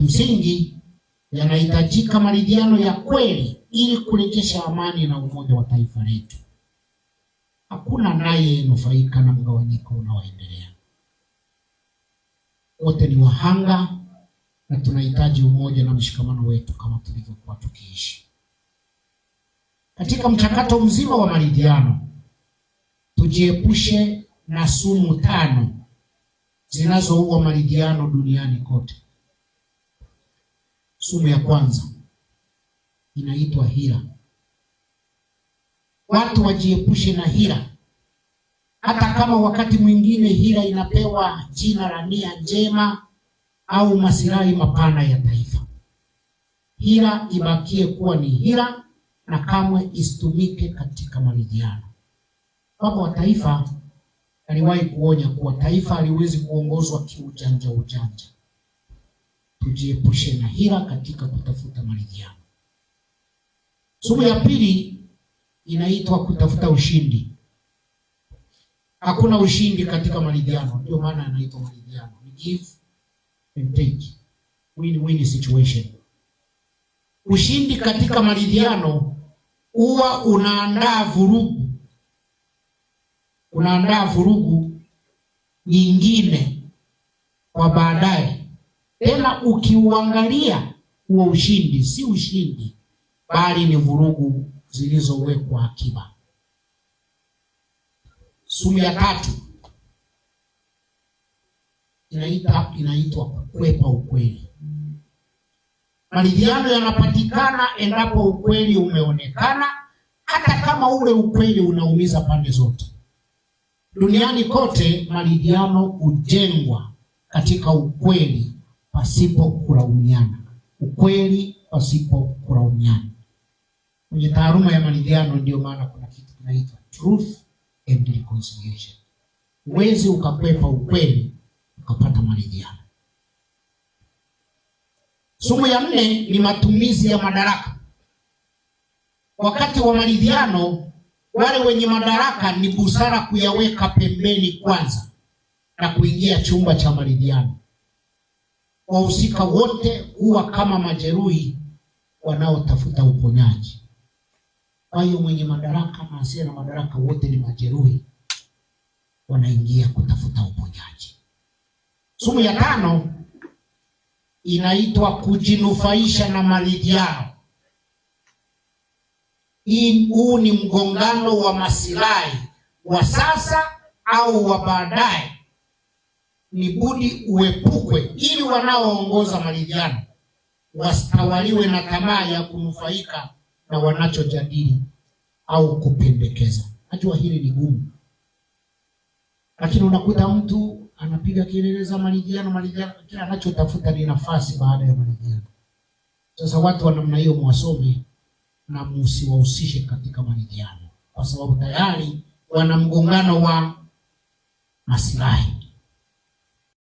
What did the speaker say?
Msingi yanahitajika maridhiano ya kweli ili kurejesha amani na umoja wa taifa letu. Hakuna anayenufaika na mgawanyiko unaoendelea, wote ni wahanga na tunahitaji umoja na mshikamano wetu kama tulivyokuwa tukiishi. Katika mchakato mzima wa maridhiano, tujiepushe na sumu tano zinazoua maridhiano duniani kote sumu ya kwanza inaitwa hila. Watu wajiepushe na hila, hata kama wakati mwingine hila inapewa jina la nia njema au masilahi mapana ya taifa. Hila ibakie kuwa ni hila na kamwe isitumike katika maridhiano. Baba wa Taifa aliwahi kuonya kuwa taifa haliwezi kuongozwa kiujanja ujanja tujiepushe na hila katika kutafuta maridhiano. Somo ya pili inaitwa kutafuta ushindi. Hakuna ushindi katika maridhiano, ndio maana anaitwa maridhiano. Ni give and take. Win-win situation. Ushindi katika maridhiano huwa unaandaa vurugu, unaandaa vurugu nyingine kwa baadaye tena ukiuangalia huo ushindi si ushindi, bali ni vurugu zilizowekwa akiba. Sumu ya tatu inaita inaitwa kukwepa ukweli. Maridhiano yanapatikana endapo ukweli umeonekana, hata kama ule ukweli unaumiza pande zote. Duniani kote maridhiano hujengwa katika ukweli pasipo kulaumiana, ukweli pasipo kulaumiana. Kwenye taaluma ya maridhiano, ndiyo maana kuna kitu kinaitwa truth and reconciliation. Huwezi ukakwepa ukweli ukapata maridhiano. Somo ya nne ni matumizi ya madaraka. Wakati wa maridhiano, wale wenye madaraka ni busara kuyaweka pembeni kwanza na kuingia chumba cha maridhiano wahusika wote huwa kama majeruhi wanaotafuta uponyaji. Kwa hiyo mwenye madaraka na asiye na madaraka wote ni majeruhi, wanaingia kutafuta uponyaji. Sumu ya tano inaitwa kujinufaisha na maridhiano. Huu ni mgongano wa masilahi wa sasa au wa baadaye ni budi uepukwe, ili wanaoongoza maridhiano wasitawaliwe na tamaa ya kunufaika na wanachojadili au kupendekeza. Najua hili ni gumu, lakini unakuta mtu anapiga kelele za maridhiano maridhiano, kila anachotafuta ni nafasi baada ya maridhiano. Sasa watu wa namna hiyo mwasome na musiwahusishe katika maridhiano, kwa sababu tayari wana mgongano wa maslahi.